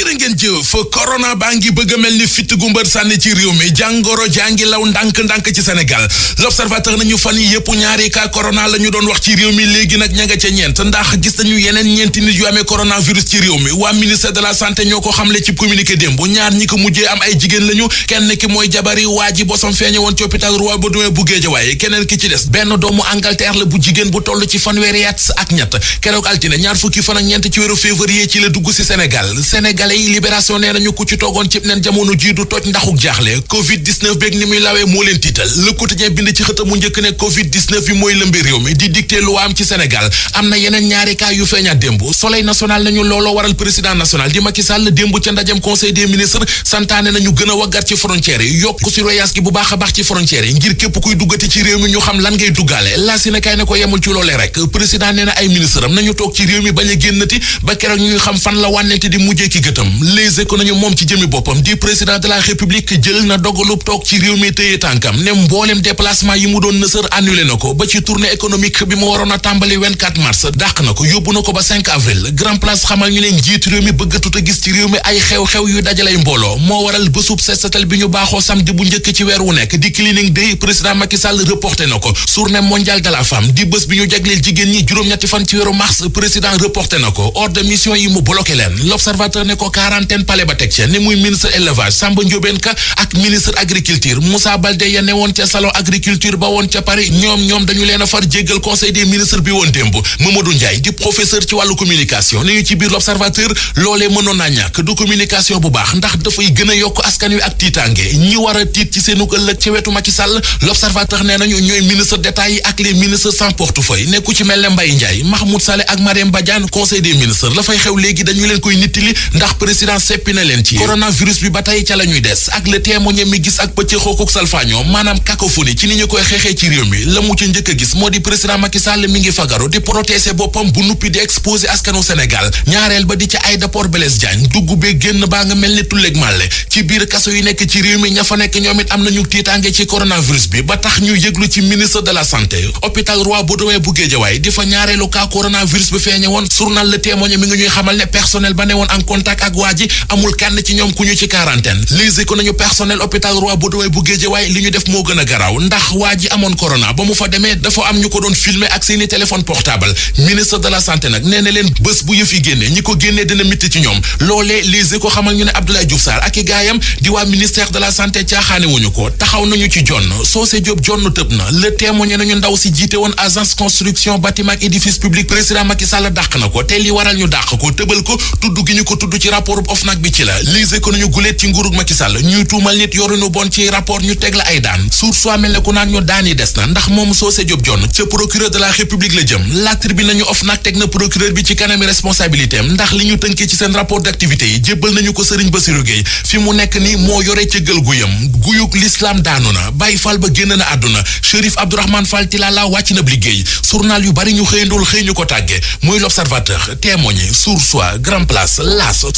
jërë ngeen jëf corona baa ngi bëgg a mel ni fitt gu mbër sànni ci réew mi jàngoro ngi law ndànk-ndànk ci Sénégal l'observateur nañu fan yi yëpp ñaari cas corona la ñu doon wax ci réew mi léegi nag ña nga ca ñeent ndax gis nañu yeneen ñeenti nit yu amee coronavirus ci réew mi waa ministère de la santé ñoo ko xamle ci communiqué démb bu ñaar ñi ko mujjee am ay jigéen lañu kenn ki mooy jabari waa ji bosam feeñe woon ci hôpital Roi Baudouin bu Guédiawaye keneen ki ci des benn doomu Angleterre bu jigéen bu toll ci fanweeri at ak ñett keroog altine ñaar fukki fan ak ñeent ci wéru février ci la dugg si Sénégal Sénégal sénégalais yi libération nee nañu ku ci toogoon cib nen jamono jii du toj ndaxuk jaaxle covid 19 ni muy lawee moo leen tiital le quotidien bind ci xëta mu njëkk ne covid bi mooy lëmbi réew mi di dicté lu am ci sénégal am na yeneen ñaari cas yu feeñaat démb soleil national nañu looloo waral président national di Macky Sall démb ca ndajem conseil des ministres santaane nañu gën a waggar ci frontières yi yokk surveillance gi bu baax a baax ci frontières yi ngir képp kuy duggati ci réew mi ñu xam a génnati gëtam les éco nañu moom ci jëmi boppam di président de la république jël na dogalub toog ci réew mi téye tànkam ne mboolem déplacement yi mu doon nësër annulé na ko ba ci tournée économique bi mu waroon a tàmbali mars dàq na ko yóbbu na ko ba avril grand place xamal ñu ne njiit réew mi bëggatut a gis ci réew mi ay xew-xew yu dajalay mbooloo moo waral bésub seetal bi ñu baaxoo samedi bu njëkk ci weer wu nekk di cleaning day président Macky reporté na ko quarantaine palais ba teg ca ne muy ministre élevage Samba Ndiobène Ka ak ministre agriculture Moussa Baldé ya ne woon ca salon agriculture ba woon ca Paris ñoom ñoom dañu leen a far jéggal conseil des ministres bi woon démb Mamadou Ndiaye di professeur ci wàllu communication ne ñu ci biir l'observateur loolee mënoon naa ñàkk du communication bu baax ndax dafay gën a yokk askan wi ak tiitaange ñi war a tiit ci seenu ëllëg ci wetu Macky Sall l'observateur nee nañu ñooy ministre d'État yi ak les ministres sans portefeuille ne ku ci mel ne Mbaye Ndiaye Mahmoud Saleh ak Mariam la fay xew léegi dañu leen koy nittali tax président seppi na leen ci coronavirus bi ba tey ca la des ak le témoigné mi gis ak pëcc xookook salfaañoo maanaam cacophonie ci ni ñu koy xeexee ci réew mi la mu ci njëkk a gis moo di président Macky Sall mi ngi fagaru di protéger boppam bu nuppi di exposé askanu Sénégal ñaareel ba di ca aéroport Blaise Diagne dugg bee génn baa nga mel ni tulleeg màlle ci biir kaso yi nekk ci réew mi ña fa nekk ñoom it am nañu tiitaange ci coronavirus bi ba tax di fa ñaareelu cas coronavirus bi feeñe woon ak waa ji amul kenn ci ñoom ku ñu ci quarantaine lise ko nañu personnel hôpital Roi Baudouin bu Guédiawaye li ñu def moo gën a garaaw ndax waa ji amoon corona ba mu fa demee dafa am ñu ko doon filmer ak seeni téléphone portable ministre de la santé nag nee na leen bés bu yëf yi génne ñi ko génnee dina mitti ci ñoom loolee lise ko xamal ñu ne Abdoulaye Diouf Sarr ak i gaayam di waa ministère de la santé caaxaane wuñu ko taxaw nañu ci jonn Socé Diop jonn tëb na le témoigné nañu ndaw si jiite woon agence construction bâtiment ak édifice public président Macky Sall na ko te li waral ñu dàq ko tëbal ko tudd gi ko tudd ci ci rapport OFNAC bi ci la les économies guléet ci nguurug Macky ñuy tuumal nit yorinu bon ci rapport ñu teg la ay daan suur soi mel ne ñu daan des na ndax moom Socé Diop Dione ca procureur de la république la jëm laajte bi nañu OFNAC teg na procureur bi ci kanami responsabilité ndax li ñu tënkee ci seen rapport d'activité jébbal nañu ko Serigne Bassirou Gueye fi mu nekk ni moo yore ca guyam guyuk l'islam daanu na Baye Fall ba génn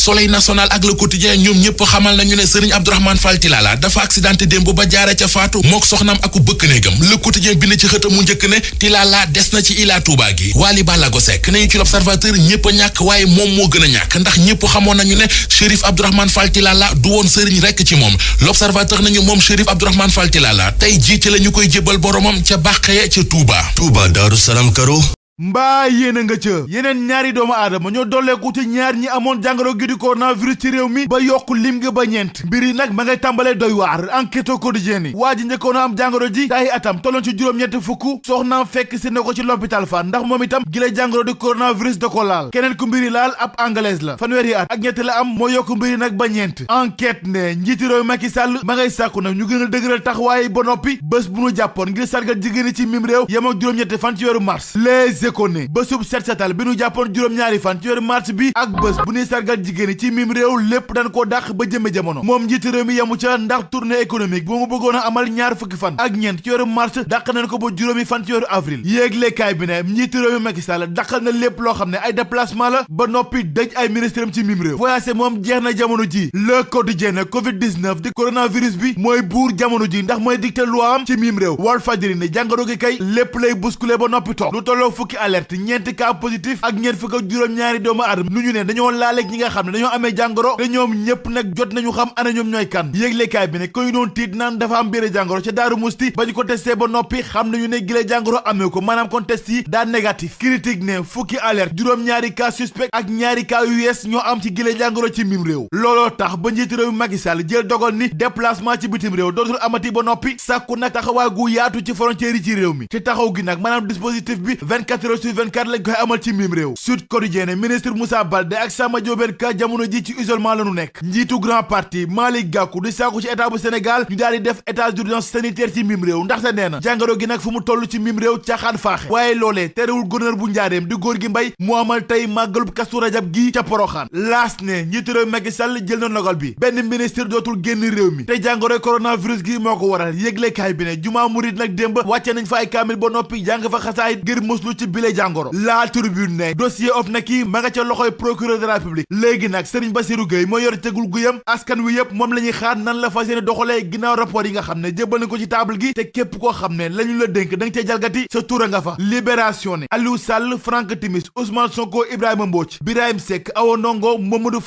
soleil national ak le ñoom ñëpp xamal nañu ne sëriñ Abdourahmane Fall Tilala dafa accidenté démb ba jaare ca faatu mook soxnaam aku bëkk néegam le quotidien bind ci xëtam mu njëkk ne Tilala des na ci Ila Touba gi Wally Ballago Seck nañu ci l'observateur ñëpp ñàkk waaye moom moo gën a ñàkk ndax ñëpp xamoon nañu ne Chérif Abdourahmane Fall Tilala du woon sëriñ rekk ci moom l'observateur nañu moom Chérif Abdourahmane Fall Tilala tey jii ci la ñu koy jébbal boromam ca bàqee ca Touba Touba Daaru Salaam Karo mbaa yéen a nga ca yeneen ñaari doomu aadama ñoo dolleeku ci ñaar ñi amoon jàngoro gi di coronavirus ci réew mi ba yokku lim gi ba ñeent mbir yi nag ma ngay tàmbalee doy waar enquête quotidien yi waa ji njëkkoon a am jàngoro ji tay atam tolloon ci juróom-ñetti fukk soxnaam fekk si na ko ci l'hôpital fa ndax moom itam gile jàngoro di coronavirus da ko laal keneen ku mbiri laal ab anglaise la fanweeri at ak ñetti la am moo yokku mbiri nag ba ñeent enquête ne njiiti réew Macky Sall ma ngay sàkku nag ñu gën a dëgëral taxawaay ba noppi bés bu ñu jàppoon ngir sargal jigéen ci mim réew yem ak juróom-ñetti fan kon ne bésub set setal bi nu jàppoon juróom-ñaari fan ci weeru mars bi ak bés bu ñuy sargal jigéen ci mim réew lépp dan koo dàq ba jëme jamono moom njiit réew mi yemu ca ndax tournée économique bu mu bëggoon a amal ñaar fukki fan ak ñeent ci weeru mars dàq nañ ko ba juróomi fan ci weeru avril yéeglekaay bi ne njiit réew mi Macky Sall dàqal na lépp loo xam ne ay déplacement la ba noppi dëj ay ministre ci mim réew voyagé moom jeex na jamono ji le quotidien covid 19 di coronavirus bi mooy buur mooy dicté am ci mim réew Walf Fadjri lépp lay bousculer ba noppi toog fukki alerte ñeenti cas positif ak ñeent fukk ak juróom-ñaari doomu aadama lu ñu ne dañoo laaleeg ñi nga xam ne dañoo amee jàngoro te ñoom ñëpp nag jot nañu xam ana ñoom ñooy kan yéeglekaay bi ne koy doon tiit naan dafa am biire jàngoro ca Daaru Musti ba ñu ko testé ba noppi xam nañu ne gile jàngoro amee ko maanaam kon test yi daa négatif critique ne fukki alerte juróom-ñaari cas suspect ak ñaari cas US ñoo am ci gile jàngoro ci mim réew looloo tax ba noppi sàkku nag taxawaay gu yaatu ci frontière yi ci réew mi ci taxaw gi nag 24 koy amal ci mim réew Sud Quotidien ministre Moussa Baldé ak Samba Diobène jamono ji ci isolement la nekk njiitu grand parti Malick Gakou di sàkku ci état bu Sénégal ñu daal def état d'urgence sanitaire ci mim réew ndaxte nee na jàngoro gi nag fu mu toll ci mim réew caaxaan faaxe waaye loolee terewul gouverneur bu njaareem di góor gi mbay mu amal tey màggalub Kazu Rajab gi ca Poroxaan laas ne njiitu réew Macky Sall jël na ndogal bi benn ministre gi moo ko waral yëglekaay bi ne jumaa murid nag bile la tribune da nga cee jalgati sa tura nga fa libération ne Aliou Sall Franck Timis Ousmane Sonko Ibrahima Mbodj Birahim Seck Awa Ndongo Mamadou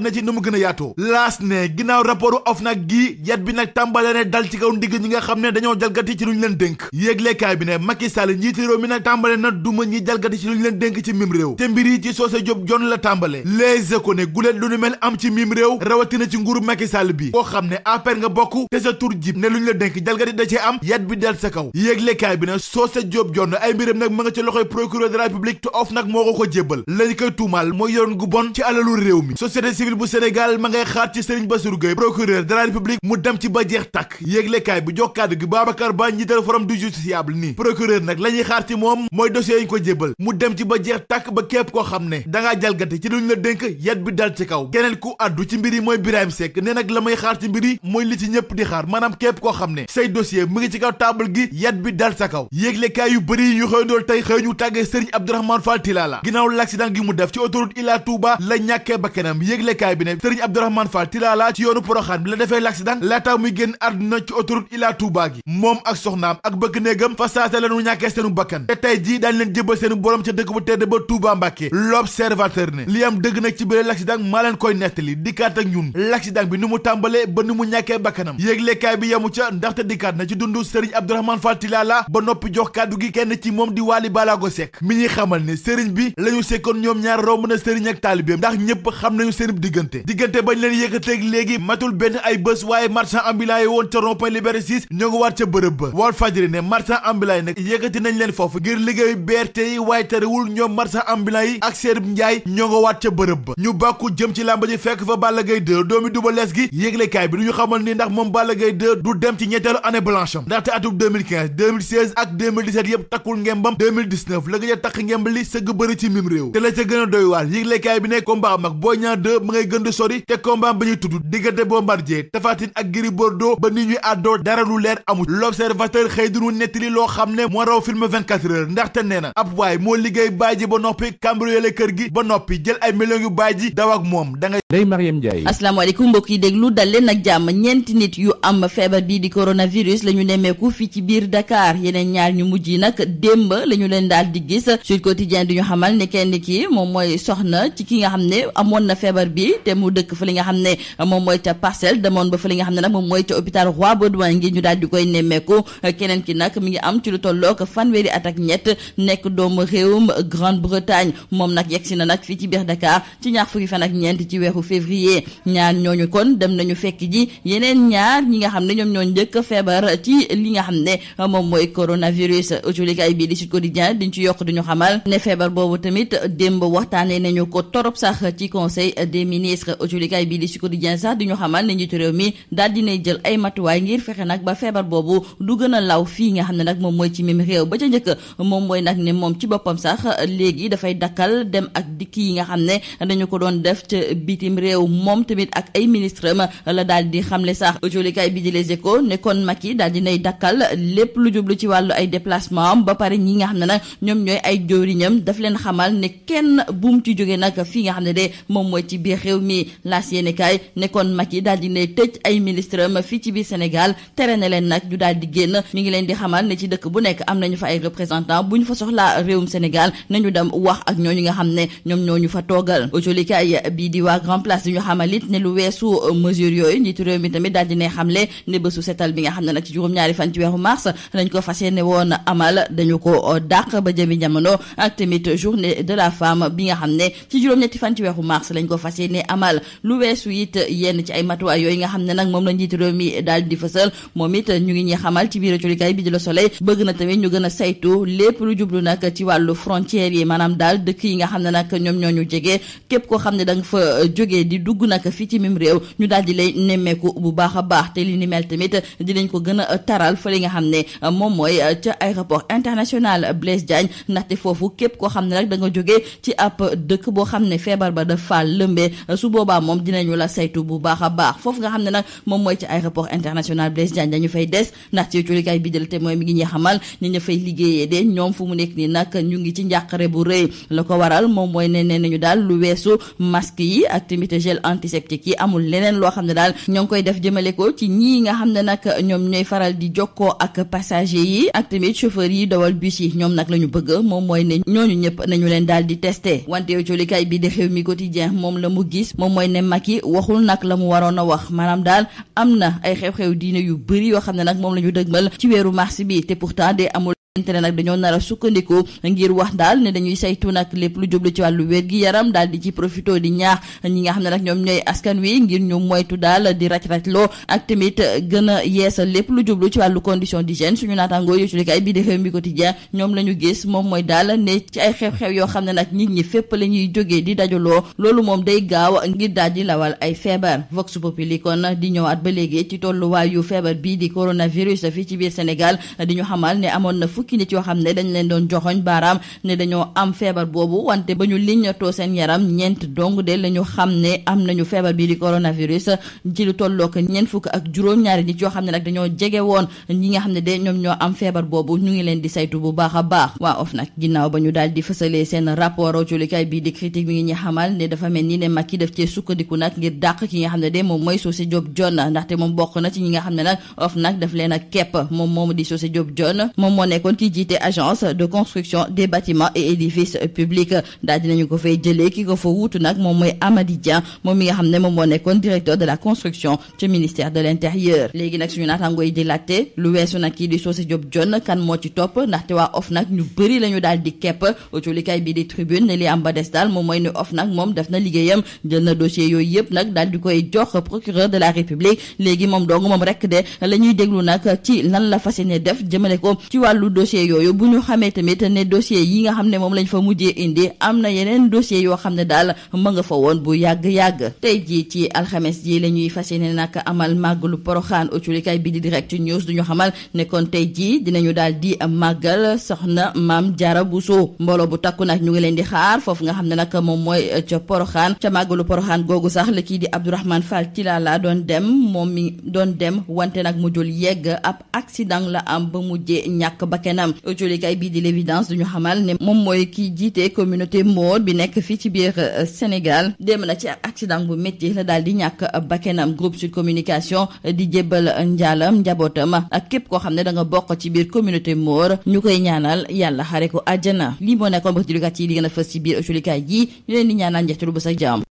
na ci nu a yaatoo laas ne ginnaaw rapportu OFNAC gi yat bi nag tàmbale ne dal ci kaw ndigg ñi nga xam ne dañoo jalgati ci lu ñu leen dénk yéeglekaay bi ne Macky Sall njiiti réew mi nag tàmbale na duma ñi jalgati ci lu ñu leen dénk ci mim réew te mbir yi ci Socé Diop jon la tàmbale Les Échos ne guléet lu ñu mel am ci mim réew rawatina ci nguuru Macky Sall bi koo xam ne APR nga bokk te sa tur jib ne lu ñu la dénk jalgati da cee am yat bi dal sa kaw yéeglekaay bi ne Socé Diop jon ay mbiram nag ma nga ci loxo procureur de la République te of nag moo ko ko jébbal lañ koy tuumaal mooy yoroon gu bon ci alalu réew mi société civile bu Sénégal ma ngay xaar ci Serigne Bassirou Gueye procureur de mu dem ci ba jeex tàkk yéeglekaay bi jokk kàddu gi Babacar Ba njiital forum du justiciable ni procureur nag la xaar ci moom mooy dossier yi ñu ko jébbal mu dem ci ba jeex tàkk ba képp koo xam ne dangaa jalgati ci luñ la dénk yat bi dal ci kaw keneen ku addu ci mbir yi mooy Birahim Seck ne nag la may xaar ci mbir yi mooy li ci ñëpp di xaar maanaam képp koo xam ne say dossier mu ngi ci kaw table gi yat bi dal sa kaw yéeglekaay yu bëri yi ñu xëyandool tey xëy ñu tàggee Serigne Abdourahmane Fall Touba gi moom ak soxnaam ak bëkk néegam fa saasa lañu ñàkkee seenu bakkan te tey jii daañu leen jëbal seenu borom ca dëkk bu tedd ba Touba Mbàkke l'observateur ne li am dëgg nag ci bëre l'accident maa leen koy nettali dikkaat ak ñun l'accident bi ni mu tàmbalee ba ni mu ñàkkee bakkanam yéeglekaay bi yamu ca ndaxte dikkaat na ci dundu sëriñ Abdourahmane Fall ba noppi jox kàddu gi kenn ci moom di Waly Balago Seck mi ñuy xamal ne sëriñ bi la ñu ñoo ngi waat ca bërëb ba Walf Fadjri ne marchand ambulant yi nag yëkkati nañ leen foofu ngir liggéey BRT yi waaye terewul ñoom marchand ambulant yi ak seen njaay ñoo ngi waat ca bërëb ba ñu bàkku jëm ci làmba fekk fa Balla Gaye 2 doomi Double Less gi yéeglekaay bi du ñu xamal ni ndax moom Balla Gaye 2 du dem ci ñetteelu année blanche ndaxte atub ak yëpp takkul ngembam 2019 takk ngemb sëgg bëri ci mim réew te la ca gën doy waar yéeglekaay bi ne ba ñuy tudd diggante Bombardier Tapha leer amu l'observateur xëy dinu nettali loo xam ne moo raw film 24 heures ndaxte nee na ab waay moo liggéey baaji ba noppi cambriolé kër gi ba noppi jël ay millions yu baaji daw ak moom da nga Ndeye Mariam Ndiaye asalaamaaleykum mbokk yi déglu dal leen ak jàmm ñeenti nit yu am feebar bii di coronavirus la ñu nemmeeku fii ci biir Dakar yeneen ñaar ñu mujj yi nag démb la ñu leen daal di gis Sud Quotidien du ñu xamal ne kenn ki moom mooy soxna ci ki nga xam ne amoon na feebar bi te mu dëkk fa li nga xam ne moom mooy ca parcelle demoon ba fa li nga xam ne nag moom mooy ca daal di koy nemmeeku keneen ki nag mi ngi am ci lu tollook fanweeri at ak ñett nekk doomu réewum Grande-Bretagne moom nag yegg si na nag fii ci biir Dakar ci ñaar fukki fan ak ñeent ci weeru février ñaar ñooñu kon dem nañu fekk ji yeneen ñaar ñi nga xam ne ñoom ñoo njëkk feebar ci li nga xam ne moom mooy coronavirus autolikaay bii di Sud Quotidien diñ ci yokk duñu xamal ne feebar boobu tamit démb waxtaanee nañu ko torop sax ci conseil de ministres autolikaay bii di Sud Quotidien sax di ñu xamal ne njiitu réew mi ba feebar boobu du gën a law fii nga xam ne nag moom mooy ci mim réew ba ca njëkk moom mooy nag ne moom ci boppam sax léegi dafay dakkal dem ak dikk yi nga xam ne dañu ko doon def ca bitim réew moom tamit ak ay ministre ma la daal di xamle sax jolikaay bi di les échos ne kon Macky daal dinay dakkal lépp lu jublu ci wàllu ay déplacement ba pare ñi nga xam ne nag ñoom ñooy ay jëwriñam daf leen xamal ne kenn buum ci jóge nag fii nga xam ne de moom mooy ci biir réew mi laas yéene kaay ne kon Macky daal dinay tëj ay ministre ma fii ci biir Sénégal tere ne leen nag ñu daal di génn mi ngi leen di xamal ne ci dëkk bu nekk am nañu fa ay représentant bu ñu fa soxlaa réewum Sénégal nañu dem wax ak ñooñu nga xam ne ñoom ñooñu fa toogal autolikaay bii di waa Grand Place di ñu xamal it ne lu weesu euh, mesure yooyu njiitu réew mi tamit daal di ne xamle ne bésu setal bi nga xam ne nag ci juróom-ñaari fan ci weeru mars dañ ko fas yéene woon amal dañu ko euh, dàq ba jëmi jamono ak tamit journée de la femme bi nga xam ne ci juróom fan ci weeru mars lañ ko fas yéene amal lu weesu it yenn ci ay matuwaay yooyu nga xam ne nag moom la njiitu réew mi daal di fësal moom it ñu ngi ñuy xamal ci biir julikaay bi di la soleil bëgg na tamit ñu gën a saytu lépp lu jublu nag ci wàllu frontières yi maanaam daal dëkk yi nga xam ne nag ñoom ñoo ñu jege képp koo xam ne da fa jógee di dugg nag fii ci mim réew ñu daal di lay nemmeeku bu baax a baax te li ni tamit dinañ ko gën a taral fa li nga xam ne moom mooy ca aéroport international Blaise Diagne ndaxte foofu képp koo xam ne rek da nga ci ab dëkk boo xam ne feebar ba dafa lëmbee su boobaa moom dinañu la saytu bu baax baax foofu nga xam ne nag moom mooy ci aéroport international dañu fay des ndax ci coolikaay bi dal te mooy ngi ñuy xamal ni ñu fay liggéeyee de ngi ci njàqare bu rëy la ko waral moom mooy ne nee nañu daal lu weesu masque yi ak tamit gel antiseptique yi amul loo xam ne daal ñoo ngi koy def jëmale ko ci ñii nga xam ne nag ñoom ñooy faral di jokkoo ak passager yi ak tamit yi dawal bus yi ñoom nag ñu bëgg moom mooy ne ñooñu ñëpp nañu leen daal di testé wante yow coolikaay bi de xew mi quotidien moom la mu gis moom mooy ne Macky waxul nag la mu waroon a wax maanaam daal am na ay xew-xew diine yu bëri yoo xam ne nag moom la ñu dëgmal ci weeru mars bi te pourtant de amul ante nag dañoo nar a sukkandiku ngir wax daal ne dañuy saytu nag lépp lu jublu ci wàllu wéer gi yaram daal di ci profito di ñaax ñi nga xam ne nag ñoom ñooy askan wi ngir ñu moytu daal di raj loo ak tamit gën a yeesal lépp lu jublu ci wàllu condition di d'hygiène suñu naataangoo yëculikaay bii di xew mi quotidien ñoom la ñu gis moom mooy daal ne ci ay xew-xew yoo xam ne nag nit ñi fépp la ñuy jógee di dajaloo loolu moom day gaaw ngir daal di lawal ay feebar vox populi kon di ñëwaat ba léegi ci tolluwaayu feebar bii di coronavirus fii ci biir Sénégal ñu xamal amoon na fukki nit yoo xam ne dañ leen doon joxoñ baaraam ne dañoo am feebar boobu wante ba ñu liñatoo seen yaram ñeent dong de la ñu xam ne am nañu feebar bii di coronavirus ci lu tollook ñeent fukk ak juróom-ñaari nit yoo xam ne nag dañoo jege woon ñi xam ne de ñoom ñoo am feebar boobu ñu ngi leen di saytu bu baax a baax waa OFNAC ginnaaw ba ñu daal di fësalee seen rapport aculikaay bii di critique mi ngi ñu xamal ne dafa mel ni ne ki def cee sukkandiku nag ngir dàq ki nga xam ne de moom mooy soo Socé Diop Dione ndaxte moom bokk na ci ñi nga xam ne nag OFNAC daf leen a kepp moom moomu di Socé Diop Dione moom moo nekkoon doon ki jiite agence de construction des bâtiments et édifices publics daal dinañu ko fay jëlee ki ko fa wuutu nag moom mooy Amady moom mi nga xam ne moom moo nekkoon directeur de la construction ci ministère de l'intérieur léegi nag suñu naataango yi di laajte lu weesu nag kii di Socé Diop Dione kan moo ci topp ndaxte waa OFNAC ñu bëri la ñu daal di kepp autolikaay bii di tribune ne li am ba des daal moom mooy ne OFNAC moom def na liggéeyam jël na dossier yooyu yëpp nag daal di koy jox procureur de la république léegi moom dong moom rek de la ñuy déglu nag ci lan la fas yéene def jëmale ko dossier yooyu bu ñu xamee tamit ne dossier yi nga xam ne moom lañ fa mujjee indi am na yeneen dossier yoo xam ne daal ma nga fa woon bu yàgg-yàgg tey ji ci alxames ji la ñuy fas yéene nag amal màggalu poroxaan autolikaay bi di direct news duñu xamal ne kon tey jii dinañu daal di màggal soxna maam bu Buso mbooloo bu takku nag ñu ngi leen di xaar foofu nga xam ne nag moom mooy ca poroxaan ca lu poroxaan googu sax la kii di Abdourahmane Fall Tilala doon dem moom doon dem wante nag mujjul yegg ab accident la am ba mujjee ñàkk nam jolikaay bii di l'évidence duñu xamal ne moom mooy kii jiite communauté moor bi nekk fii ci biir euh, Sénégal dem na ci accident bu métti la daal di ñàkk bakkenam groupe sud communication di jébbal njaalam njabootam ak képp koo xam ne da nga bokk ci biir communauté moor ñu koy ñaanal yàlla xare ko àjjana lii moo nekkoon ba ci li a fës ci biir jolikaay yi ñu leen di ñaanal njeextalu bu sa jaam